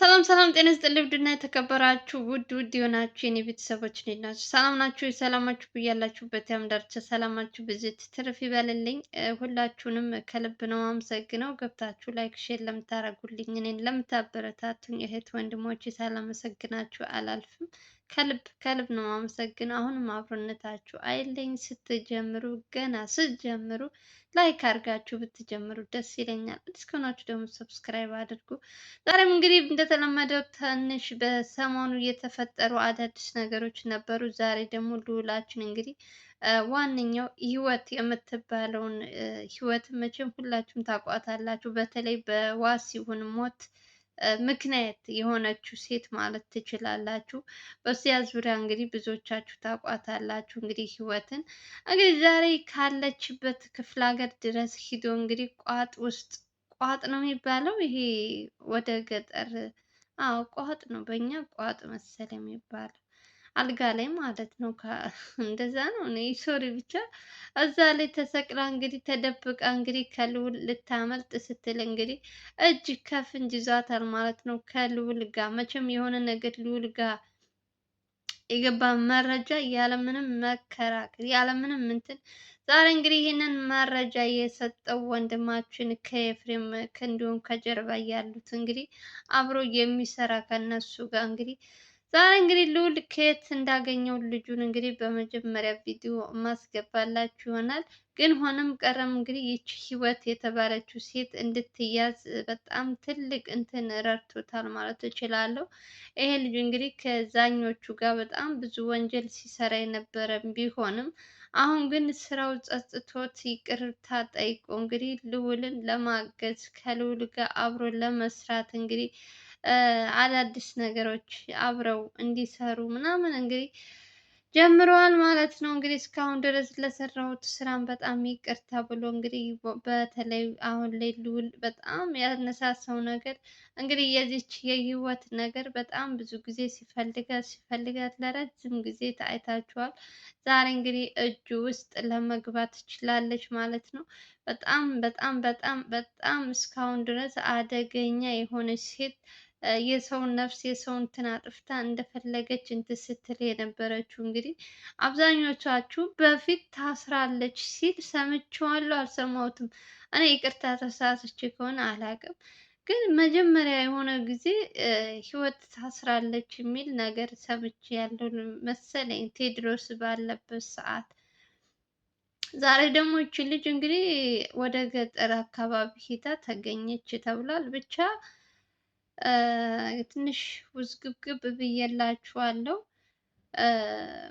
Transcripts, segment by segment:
ሰላም ሰላም፣ ጤና ይስጥልኝ ውድና የተከበራችሁ ውድ ውድ የሆናችሁ የኔ ቤተሰቦች እንዴት ናችሁ? ሰላም ናችሁ? ሰላማችሁ ብያላችሁበት ዳርቻ ሰላማችሁ ብዝት ትርፍ ይበልልኝ። ሁላችሁንም ከልብ ነው አመሰግነው። ገብታችሁ ላይክ፣ ሼር ለምታደርጉልኝ እኔን ለምታበረታቱኝ እህት ወንድሞች ሳላመሰግናችሁ አላልፍም። ከልብ ከልብ ነው የማመሰግነው። አሁንም አብሮነታችሁ አይለኝ። ስትጀምሩ ገና ስትጀምሩ ላይክ አድርጋችሁ ብትጀምሩ ደስ ይለኛል። አዲስ ከሆናችሁ ደግሞ ሰብስክራይብ አድርጉ። ዛሬም እንግዲህ እንደተለመደው ትንሽ በሰሞኑ የተፈጠሩ አዳዲስ ነገሮች ነበሩ። ዛሬ ደግሞ ልውላችን እንግዲህ ዋነኛው ህይወት የምትባለውን ህይወት መቼም ሁላችሁም ታቋታላችሁ በተለይ ይሁን ሞት ምክንያት የሆነችው ሴት ማለት ትችላላችሁ። በዚያ ዙሪያ እንግዲህ ብዙዎቻችሁ ታውቋታላችሁ። እንግዲህ ህይወትን እንግዲህ ዛሬ ካለችበት ክፍለ ሀገር ድረስ ሂዶ እንግዲህ ቋጥ ውስጥ ቋጥ ነው የሚባለው ይሄ ወደ ገጠር አዎ ቋጥ ነው፣ በእኛ ቋጥ መሰል የሚባለው አልጋ ላይ ማለት ነው። እንደዛ ነው። እኔ ሶሪ ብቻ እዛ ላይ ተሰቅላ እንግዲህ ተደብቃ እንግዲህ ከልውል ልታመልጥ ስትል እንግዲህ እጅ ከፍንጅ ይዟታል ማለት ነው። ከልውል ጋር መቼም የሆነ ነገር ልውል ጋር የገባ መረጃ ያለምንም መከራከር ያለምንም እንትን ዛሬ እንግዲህ ይህንን መረጃ የሰጠው ወንድማችን ከኤፍሬም እንዲሁም ከጀርባ ያሉት እንግዲህ አብሮ የሚሰራ ከነሱ ጋር እንግዲህ ዛሬ እንግዲህ ልዑል ከየት እንዳገኘው ልጁን እንግዲህ በመጀመሪያ ቪዲዮ ማስገባላችሁ ይሆናል። ግን ሆነም ቀረም እንግዲህ ይቺ ህይወት የተባለችው ሴት እንድትያዝ በጣም ትልቅ እንትን ረድቶታል ማለት እችላለሁ። ይሄ ልጅ እንግዲህ ከዛኞቹ ጋር በጣም ብዙ ወንጀል ሲሰራ የነበረ ቢሆንም አሁን ግን ስራው ጸጽቶት ይቅርታ ጠይቆ እንግዲህ ልዑልን ለማገዝ ከልዑል ጋር አብሮ ለመስራት እንግዲህ አዳዲስ ነገሮች አብረው እንዲሰሩ ምናምን እንግዲህ ጀምረዋል ማለት ነው። እንግዲህ እስካሁን ድረስ ለሰራሁት ስራም በጣም ይቅርታ ብሎ እንግዲህ በተለይ አሁን ላይ ልውል በጣም ያነሳሳው ነገር እንግዲህ የዚች የህይወት ነገር በጣም ብዙ ጊዜ ሲፈልጋት ሲፈልጋት ለረጅም ጊዜ ታይታችኋል። ዛሬ እንግዲህ እጁ ውስጥ ለመግባት ትችላለች ማለት ነው። በጣም በጣም በጣም በጣም እስካሁን ድረስ አደገኛ የሆነች ሴት የሰውን ነፍስ የሰውን እንትን አጥፍታ እንደፈለገች እንትን ስትል የነበረችው እንግዲህ አብዛኞቻችሁ በፊት ታስራለች ሲል ሰምቼዋለሁ። አልሰማሁትም እኔ ይቅርታ ተሳስቼ ከሆነ አላውቅም። ግን መጀመሪያ የሆነ ጊዜ ህይወት ታስራለች የሚል ነገር ሰምቼ ያለው መሰለኝ ቴድሮስ ባለበት ሰዓት። ዛሬ ደግሞ ይቺ ልጅ እንግዲህ ወደ ገጠር አካባቢ ሂዳ ተገኘች ተብሏል ብቻ ትንሽ ውዝግብግብ ብዬላችኋለሁ።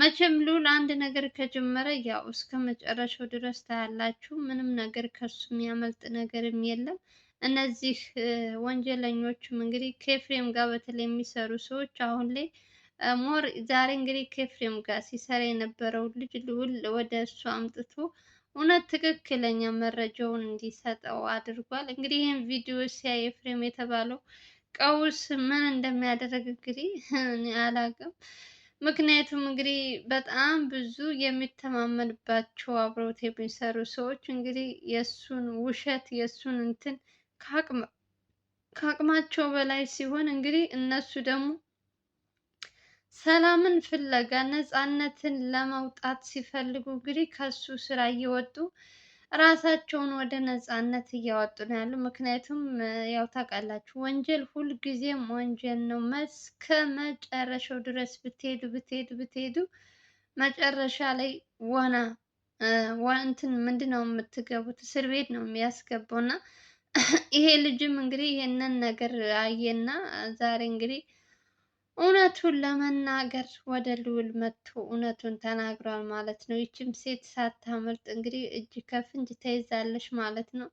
መቼም ልዑል አንድ ነገር ከጀመረ ያው እስከ መጨረሻው ድረስ ታያላችሁ። ምንም ነገር ከሱ የሚያመልጥ ነገርም የለም። እነዚህ ወንጀለኞችም እንግዲህ ከኤፍሬም ጋር በተለይ የሚሰሩ ሰዎች አሁን ላይ ሞር ዛሬ እንግዲህ ከኤፍሬም ጋር ሲሰራ የነበረው ልጅ ልዑል ወደ እሱ አምጥቶ እውነት ትክክለኛ መረጃውን እንዲሰጠው አድርጓል። እንግዲህ ይህን ቪዲዮ ሲያይ ኤፍሬም የተባለው ቀውስ ምን እንደሚያደርግ እንግዲህ እኔ አላውቅም። ምክንያቱም እንግዲህ በጣም ብዙ የሚተማመንባቸው አብሮት የሚሰሩ ሰዎች እንግዲህ የእሱን ውሸት የእሱን እንትን ከአቅማቸው በላይ ሲሆን እንግዲህ እነሱ ደግሞ ሰላምን ፍለጋ ነፃነትን ለመውጣት ሲፈልጉ እንግዲህ ከሱ ስራ እየወጡ ራሳቸውን ወደ ነፃነት እያወጡ ነው ያሉ። ምክንያቱም ያው ታውቃላችሁ ወንጀል ሁልጊዜም ወንጀል ነው። እስከ መጨረሻው ድረስ ብትሄዱ ብትሄዱ ብትሄዱ መጨረሻ ላይ ዋና እንትን ምንድን ነው የምትገቡት? እስር ቤት ነው የሚያስገባው እና ይሄ ልጅም እንግዲህ ይህንን ነገር አየና ዛሬ እንግዲህ እውነቱን ለመናገር ወደ ልዑል መጥቶ እውነቱን ተናግሯል ማለት ነው። ይችም ሴት ሳታመልጥ እንግዲህ እጅ ከፍንጅ ተይዛለች ማለት ነው።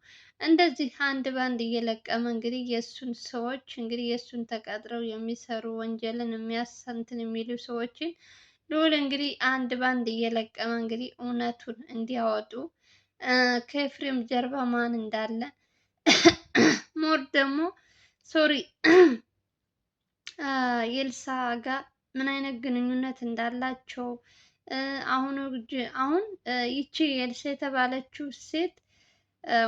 እንደዚህ አንድ ባንድ እየለቀመ እንግዲህ የእሱን ሰዎች እንግዲህ የእሱን ተቀጥረው የሚሰሩ ወንጀልን የሚያሰንትን የሚሉ ሰዎችን ልዑል እንግዲህ አንድ ባንድ እየለቀመ እንግዲህ እውነቱን እንዲያወጡ ከኤፍሬም ጀርባ ማን እንዳለ ሞር ደግሞ ሶሪ የልሳ ጋር ምን አይነት ግንኙነት እንዳላቸው አሁን አሁን ይቺ የልሳ የተባለችው ሴት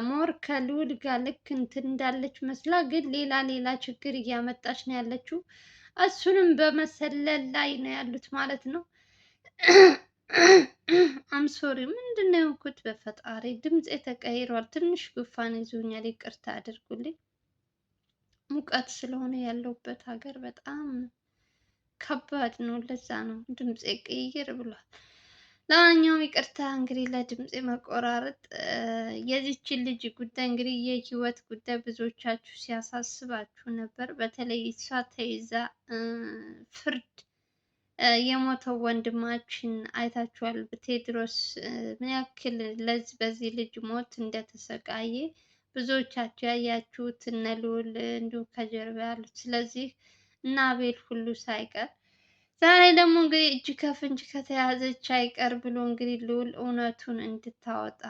ሞር ከልዑል ጋር ልክ እንትን እንዳለች መስላ ግን ሌላ ሌላ ችግር እያመጣች ነው ያለችው። እሱንም በመሰለል ላይ ነው ያሉት ማለት ነው። አምሶሪ ምንድን ነው ያልኩት? በፈጣሪ ድምፅ ተቀይሯል። ትንሽ ጉፋን ይዞኛል፣ ይቅርታ አድርጉልኝ። ሙቀት ስለሆነ ያለውበት ሀገር በጣም ከባድ ነው። ለዛ ነው ድምፄ ቅይር ብሏል። ለማንኛውም ይቅርታ እንግዲህ ለድምፄ መቆራረጥ። የዚችን ልጅ ጉዳይ እንግዲህ የህይወት ጉዳይ ብዙዎቻችሁ ሲያሳስባችሁ ነበር። በተለይ እሷ ተይዛ ፍርድ የሞተው ወንድማችን አይታችኋል። ቴዎድሮስ ምን ያክል ለዚህ በዚህ ልጅ ሞት እንደተሰቃየ ብዙዎቻችሁ ያያችሁት እነ ልዑል እንዲሁ ከጀርባ ያሉት ስለዚህ እና አቤል ሁሉ ሳይቀር ዛሬ ደግሞ እንግዲህ እጅ ከፍንጅ ከተያዘች አይቀር ብሎ እንግዲህ ልዑል እውነቱን እንድታወጣ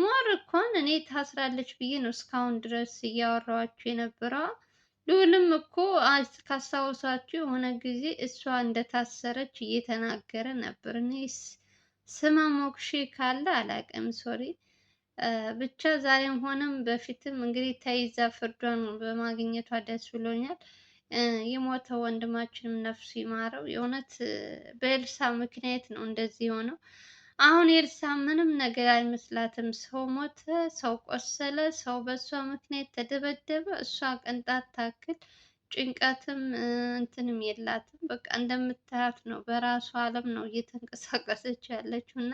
ሞር እንኳን እኔ ታስራለች ብዬ ነው እስካሁን ድረስ እያወራኋችሁ የነበረው። ልዑልም እኮ ካስታወሳችሁ የሆነ ጊዜ እሷ እንደታሰረች እየተናገረ ነበር። እኔ ስመ ሞክሼ ካለ አላቅም፣ ሶሪ ብቻ ዛሬም ሆነም በፊትም እንግዲህ ተይዛ ፍርዷን በማግኘቷ ደስ ብሎኛል። የሞተ ወንድማችንም ነፍሱ ይማረው። የእውነት በኤልሳ ምክንያት ነው እንደዚህ የሆነው። አሁን ኤልሳ ምንም ነገር አይመስላትም። ሰው ሞተ፣ ሰው ቆሰለ፣ ሰው በእሷ ምክንያት ተደበደበ። እሷ ቅንጣት ታክል ጭንቀትም እንትንም የላትም። በቃ እንደምታያት ነው፣ በራሷ ዓለም ነው እየተንቀሳቀሰች ያለችው እና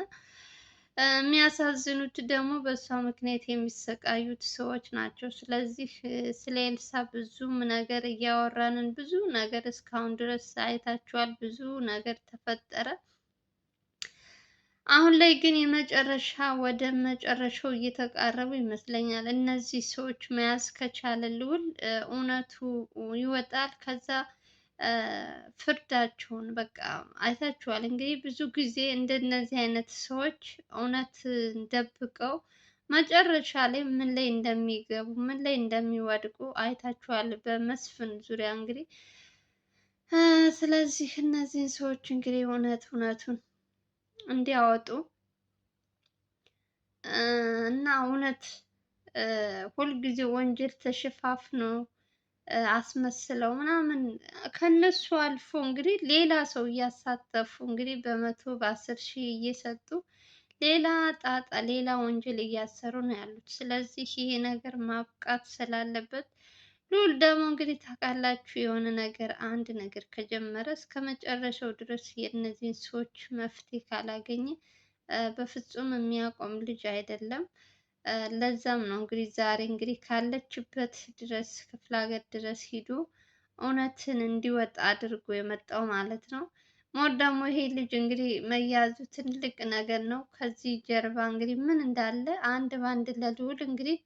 የሚያሳዝኑት ደግሞ በእሷ ምክንያት የሚሰቃዩት ሰዎች ናቸው። ስለዚህ ስለ ኤልሳ ብዙም ነገር እያወራንን ብዙ ነገር እስካሁን ድረስ አይታችኋል። ብዙ ነገር ተፈጠረ። አሁን ላይ ግን የመጨረሻ ወደ መጨረሻው እየተቃረቡ ይመስለኛል። እነዚህ ሰዎች መያዝ ከቻለ ልውል እውነቱ ይወጣል። ከዛ ፍርዳቸውን በቃ አይታችኋል። እንግዲህ ብዙ ጊዜ እንደነዚህ አይነት ሰዎች እውነት ደብቀው መጨረሻ ላይ ምን ላይ እንደሚገቡ ምን ላይ እንደሚወድቁ አይታችኋል በመስፍን ዙሪያ እንግዲህ። ስለዚህ እነዚህን ሰዎች እንግዲህ እውነት እውነቱን እንዲያወጡ እና እውነት ሁልጊዜ ወንጀል ተሸፋፍኖ አስመስለው ምናምን ከነሱ አልፎ እንግዲህ ሌላ ሰው እያሳተፉ እንግዲህ በመቶ በአስር ሺህ እየሰጡ ሌላ ጣጣ ሌላ ወንጀል እያሰሩ ነው ያሉት። ስለዚህ ይሄ ነገር ማብቃት ስላለበት ሉል ደግሞ እንግዲህ ታውቃላችሁ የሆነ ነገር አንድ ነገር ከጀመረ እስከ መጨረሻው ድረስ የእነዚህን ሰዎች መፍትሄ ካላገኘ በፍጹም የሚያቆም ልጅ አይደለም። ለዛም ነው እንግዲህ ዛሬ እንግዲህ ካለችበት ድረስ ክፍለ ሀገር ድረስ ሂዶ እውነትን እንዲወጣ አድርጎ የመጣው ማለት ነው። ሞት ደግሞ ይሄ ልጅ እንግዲህ መያዙ ትልቅ ነገር ነው። ከዚህ ጀርባ እንግዲህ ምን እንዳለ አንድ ባንድ ለልዑል እንግዲህ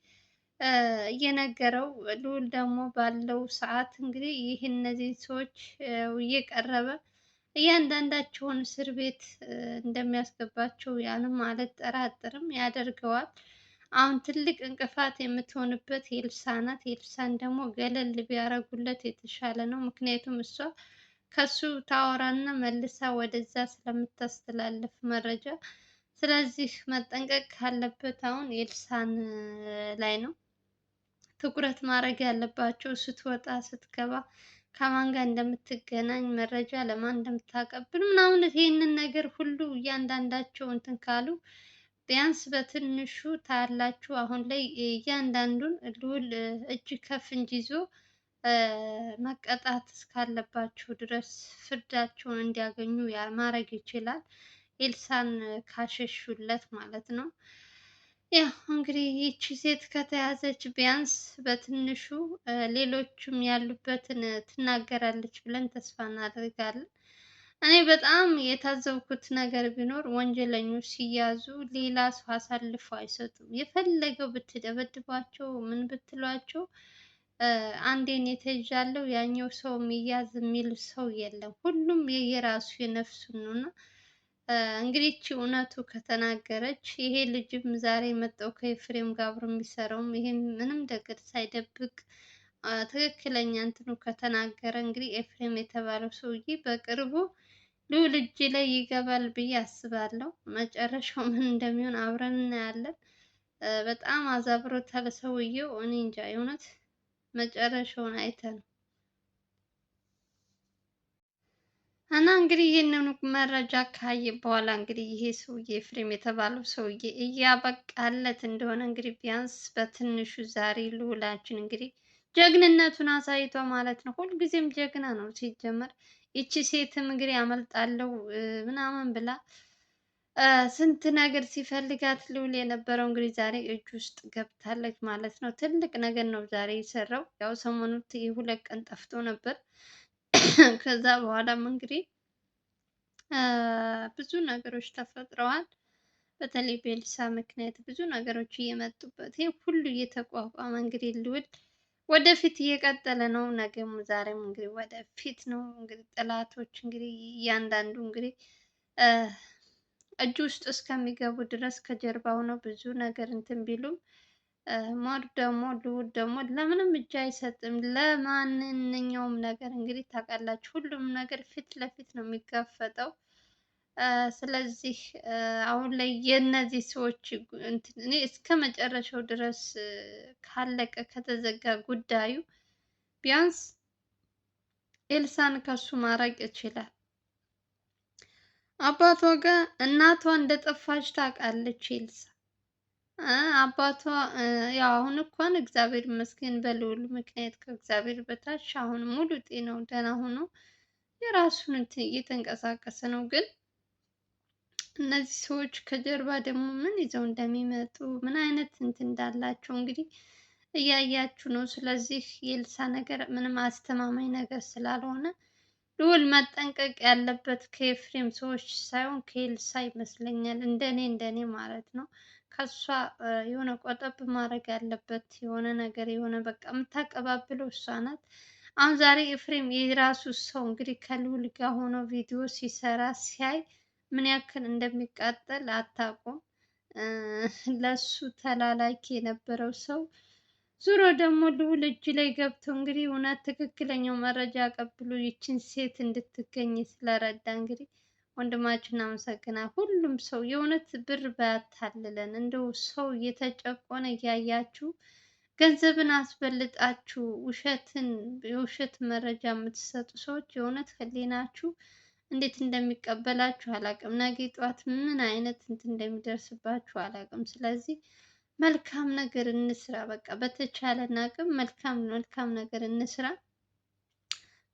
እየነገረው ልዑል ደግሞ ባለው ሰዓት እንግዲህ ይህ እነዚህ ሰዎች እየቀረበ እያንዳንዳቸውን እስር ቤት እንደሚያስገባቸው ያንም ማለት ጠራጥርም ያደርገዋል። አሁን ትልቅ እንቅፋት የምትሆንበት ኤልሳ ናት። ኤልሳን ደግሞ ገለል ቢያረጉለት የተሻለ ነው። ምክንያቱም እሷ ከሱ ታወራና መልሳ ወደዛ ስለምታስተላልፍ መረጃ። ስለዚህ መጠንቀቅ ካለበት አሁን ኤልሳን ላይ ነው ትኩረት ማድረግ ያለባቸው። ስትወጣ ስትገባ፣ ከማን ጋር እንደምትገናኝ መረጃ ለማን እንደምታቀብል ምናምን ይህንን ነገር ሁሉ እያንዳንዳቸው እንትን ካሉ ቢያንስ በትንሹ ታላችሁ አሁን ላይ እያንዳንዱን ልዑል እጅ ከፍ እንጂ ይዞ መቀጣት እስካለባችሁ ድረስ ፍርዳቸውን እንዲያገኙ ማድረግ ይችላል። ኤልሳን ካሸሹለት ማለት ነው። ያው እንግዲህ ይቺ ሴት ከተያዘች ቢያንስ በትንሹ ሌሎችም ያሉበትን ትናገራለች ብለን ተስፋ እናደርጋለን። እኔ በጣም የታዘብኩት ነገር ቢኖር ወንጀለኞች ሲያዙ ሌላ ሰው አሳልፎ አይሰጡም። የፈለገው ብትደበድባቸው ምን ብትሏቸው አንዴ እኔ ያኛው ሰው የሚያዝ የሚል ሰው የለም። ሁሉም የየራሱ የነፍሱ ነው እና እንግዲህ እውነቱ ከተናገረች ይሄ ልጅም ዛሬ መጣው ከኤፍሬም ጋር አብሮ የሚሰራውም ይሄ ምንም ነገር ሳይደብቅ ትክክለኛ እንትኑ ከተናገረ እንግዲህ ኤፍሬም የተባለው ሰውዬ በቅርቡ ልዑል እጅ ላይ ይገባል ብዬ አስባለሁ። መጨረሻው ምን እንደሚሆን አብረን እናያለን። በጣም አዛብሮታል ሰውየው። እኔ እንጃ የእውነት መጨረሻውን አይተን እና እንግዲህ ይህንን መረጃ ካየ በኋላ እንግዲህ ይሄ ሰውዬ ኤፍሬም የተባለው ሰውዬ እያበቃለት እንደሆነ እንግዲህ ቢያንስ በትንሹ ዛሬ ልዑላችን እንግዲህ ጀግንነቱን አሳይቷ ማለት ነው። ሁልጊዜም ጀግና ነው ሲጀመር ይቺ ሴትም እንግዲህ አመልጣለሁ ምናምን ብላ ስንት ነገር ሲፈልጋት ልውል የነበረው እንግዲህ ዛሬ እጅ ውስጥ ገብታለች ማለት ነው። ትልቅ ነገር ነው ዛሬ የሰራው። ያው ሰሞኑ ሁለት ቀን ጠፍቶ ነበር። ከዛ በኋላም እንግዲህ ብዙ ነገሮች ተፈጥረዋል። በተለይ በኤልሳ ምክንያት ብዙ ነገሮች እየመጡበት ይህ ሁሉ እየተቋቋመ እንግዲህ ልውል ወደፊት እየቀጠለ ነው። ነገም ዛሬም እንግዲህ ወደፊት ነው። እንግዲህ ጠላቶች እንግዲህ እያንዳንዱ እንግዲህ እጅ ውስጥ እስከሚገቡ ድረስ ከጀርባ ሆነው ብዙ ነገር እንትን ቢሉም ሞድ ደግሞ ልዑል ደግሞ ለምንም እጅ አይሰጥም። ለማንኛውም ነገር እንግዲህ ታውቃላችሁ፣ ሁሉም ነገር ፊት ለፊት ነው የሚጋፈጠው። ስለዚህ አሁን ላይ የእነዚህ ሰዎች እኔ እስከ መጨረሻው ድረስ ካለቀ ከተዘጋ ጉዳዩ ቢያንስ ኤልሳን ከሱ ማራቅ ይችላል። አባቷ ጋር እናቷ እንደጠፋች ታውቃለች ኤልሳ። አባቷ ያው አሁን እንኳን እግዚአብሔር ይመስገን በልውል ምክንያት ከእግዚአብሔር በታች አሁን ሙሉ ጤናው ደህና ሆኖ የራሱን እንትን እየተንቀሳቀሰ ነው ግን እነዚህ ሰዎች ከጀርባ ደግሞ ምን ይዘው እንደሚመጡ ምን አይነት እንትን እንዳላቸው እንግዲህ እያያችሁ ነው። ስለዚህ የልሳ ነገር ምንም አስተማማኝ ነገር ስላልሆነ ልዑል መጠንቀቅ ያለበት ከኤፍሬም ሰዎች ሳይሆን ከኤልሳ ይመስለኛል። እንደኔ እንደኔ ማለት ነው። ከሷ የሆነ ቆጠብ ማድረግ ያለበት የሆነ ነገር የሆነ በቃ የምታቀባብለው እሷ ናት። አሁን ዛሬ ኤፍሬም የራሱ ሰው እንግዲህ ከልዑል ጋር ሆኖ ቪዲዮ ሲሰራ ሲያይ ምን ያክል እንደሚቃጠል አታውቁም። ለሱ ተላላኪ የነበረው ሰው ዙሮ ደግሞ ልዑል እጅ ላይ ገብቶ እንግዲህ እውነት ትክክለኛው መረጃ አቀብሎ ይችን ሴት እንድትገኝ ስለረዳ እንግዲህ ወንድማችን አመሰግና። ሁሉም ሰው የእውነት ብር ባያታልለን፣ እንደው ሰው እየተጨቆነ እያያችሁ ገንዘብን አስበልጣችሁ ውሸትን የውሸት መረጃ የምትሰጡ ሰዎች የእውነት ናችሁ። እንዴት እንደሚቀበላችሁ አላቅም። ነገ ጠዋት ምን አይነት እንትን እንደሚደርስባችሁ አላቅም። ስለዚህ መልካም ነገር እንስራ። በቃ በተቻለን አቅም መልካም መልካም ነገር እንስራ።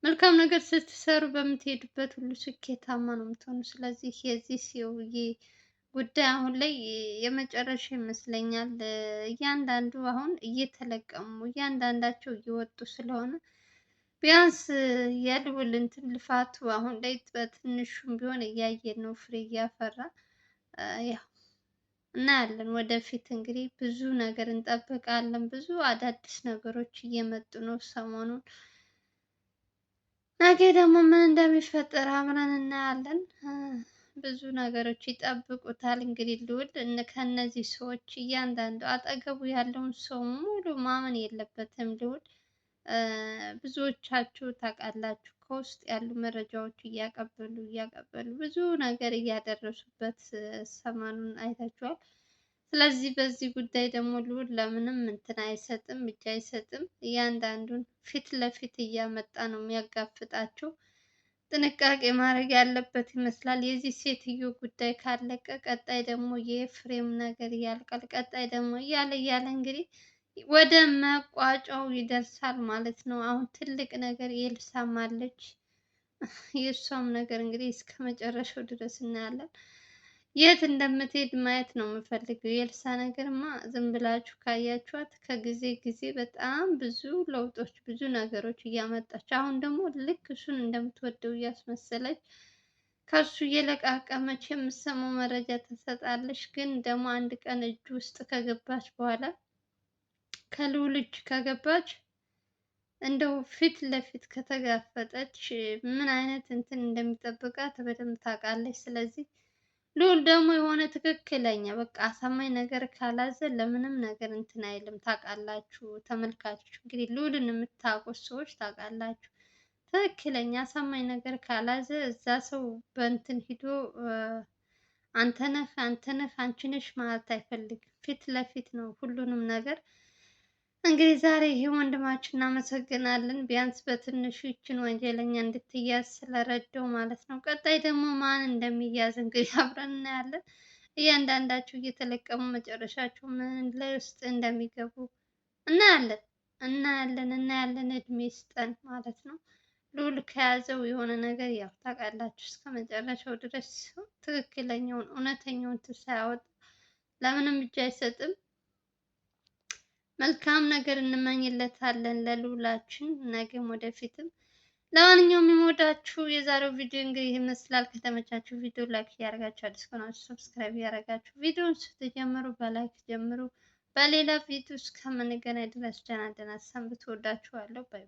መልካም ነገር ስትሰሩ በምትሄዱበት ሁሉ ስኬታማ ነው የምትሆኑ። ስለዚህ የዚህ ሰውዬ ጉዳይ አሁን ላይ የመጨረሻ ይመስለኛል። እያንዳንዱ አሁን እየተለቀሙ እያንዳንዳቸው እየወጡ ስለሆነ ቢያንስ የልዑል እንትን ልፋቱ አሁን ላይ በትንሹም ቢሆን እያየ ነው፣ ፍሬ እያፈራ ያው እናያለን። ወደፊት እንግዲህ ብዙ ነገር እንጠብቃለን። ብዙ አዳዲስ ነገሮች እየመጡ ነው ሰሞኑን። ነገ ደግሞ ምን እንደሚፈጠር አብረን እናያለን። ብዙ ነገሮች ይጠብቁታል። እንግዲህ ልውል ከእነዚህ ሰዎች እያንዳንዱ አጠገቡ ያለውን ሰው ሙሉ ማመን የለበትም ልውል ብዙዎቻችሁ ታውቃላችሁ ከውስጥ ያሉ መረጃዎች እያቀበሉ እያቀበሉ ብዙ ነገር እያደረሱበት ሰሞኑን አይታችኋል። ስለዚህ በዚህ ጉዳይ ደግሞ ልዑል ለምንም እንትን አይሰጥም፣ እጅ አይሰጥም። እያንዳንዱን ፊት ለፊት እያመጣ ነው የሚያጋፍጣቸው። ጥንቃቄ ማድረግ ያለበት ይመስላል። የዚህ ሴትዮ ጉዳይ ካለቀ ቀጣይ ደግሞ የፍሬም ነገር ያልቃል። ቀጣይ ደግሞ እያለ እያለ እንግዲህ ወደ መቋጫው ይደርሳል ማለት ነው። አሁን ትልቅ ነገር የልሳም አለች። የእሷም ነገር እንግዲህ እስከ መጨረሻው ድረስ እናያለን። የት እንደምትሄድ ማየት ነው የምፈልገው። የልሳ ነገርማ ዝም ብላችሁ ካያችኋት ከጊዜ ጊዜ በጣም ብዙ ለውጦች፣ ብዙ ነገሮች እያመጣች አሁን ደግሞ ልክ እሱን እንደምትወደው እያስመሰለች ከሱ እየለቃቀመች የምትሰማው መረጃ ትሰጣለች። ግን ደግሞ አንድ ቀን እጅ ውስጥ ከገባች በኋላ ከልዑል እጅ ከገባች እንደው ፊት ለፊት ከተጋፈጠች ምን አይነት እንትን እንደሚጠብቃት በደንብ ታውቃለች። ስለዚህ ልዑል ደግሞ የሆነ ትክክለኛ በቃ አሳማኝ ነገር ካላዘ ለምንም ነገር እንትን አይልም። ታውቃላችሁ ተመልካቾች፣ እንግዲህ ልዑልን የምታውቁት ሰዎች ታውቃላችሁ። ትክክለኛ አሳማኝ ነገር ካላዘ እዛ ሰው በእንትን ሂዶ አንተነህ አንተነህ አንቺ ማለት አይፈልግም። ፊት ለፊት ነው ሁሉንም ነገር እንግዲህ ዛሬ ይህ ወንድማችን እናመሰግናለን። ቢያንስ በትንሹ ይችን ወንጀለኛ እንድትያዝ ስለረዳው ማለት ነው። ቀጣይ ደግሞ ማን እንደሚያዝ እንግዲህ አብረን እናያለን። እያንዳንዳችሁ እየተለቀሙ መጨረሻችሁ ምን ላይ ውስጥ እንደሚገቡ እናያለን እናያለን እናያለን። እድሜ ስጠን ማለት ነው። ሉል ከያዘው የሆነ ነገር ያው ታውቃላችሁ፣ እስከ መጨረሻው ድረስ ትክክለኛውን እውነተኛውን ሳያወጣ ለምንም እጅ አይሰጥም። መልካም ነገር እንመኝለታለን ለልዑላችን ነገም ወደፊትም። ለማንኛውም የሚወዳችሁ የዛሬው ቪዲዮ እንግዲህ ይመስላል። ከተመቻችሁ ቪዲዮ ላይክ እያደረጋችሁ አዲስ ከሆናችሁ ሰብስክራይብ እያደረጋችሁ ቪዲዮውን ስትጀምሩ በላይክ ጀምሩ። በሌላ ቪዲዮ እስከምንገናኝ ድረስ ደህና ደህና ሰንብቱ። ወዳችኋለሁ። ባይ ባይ።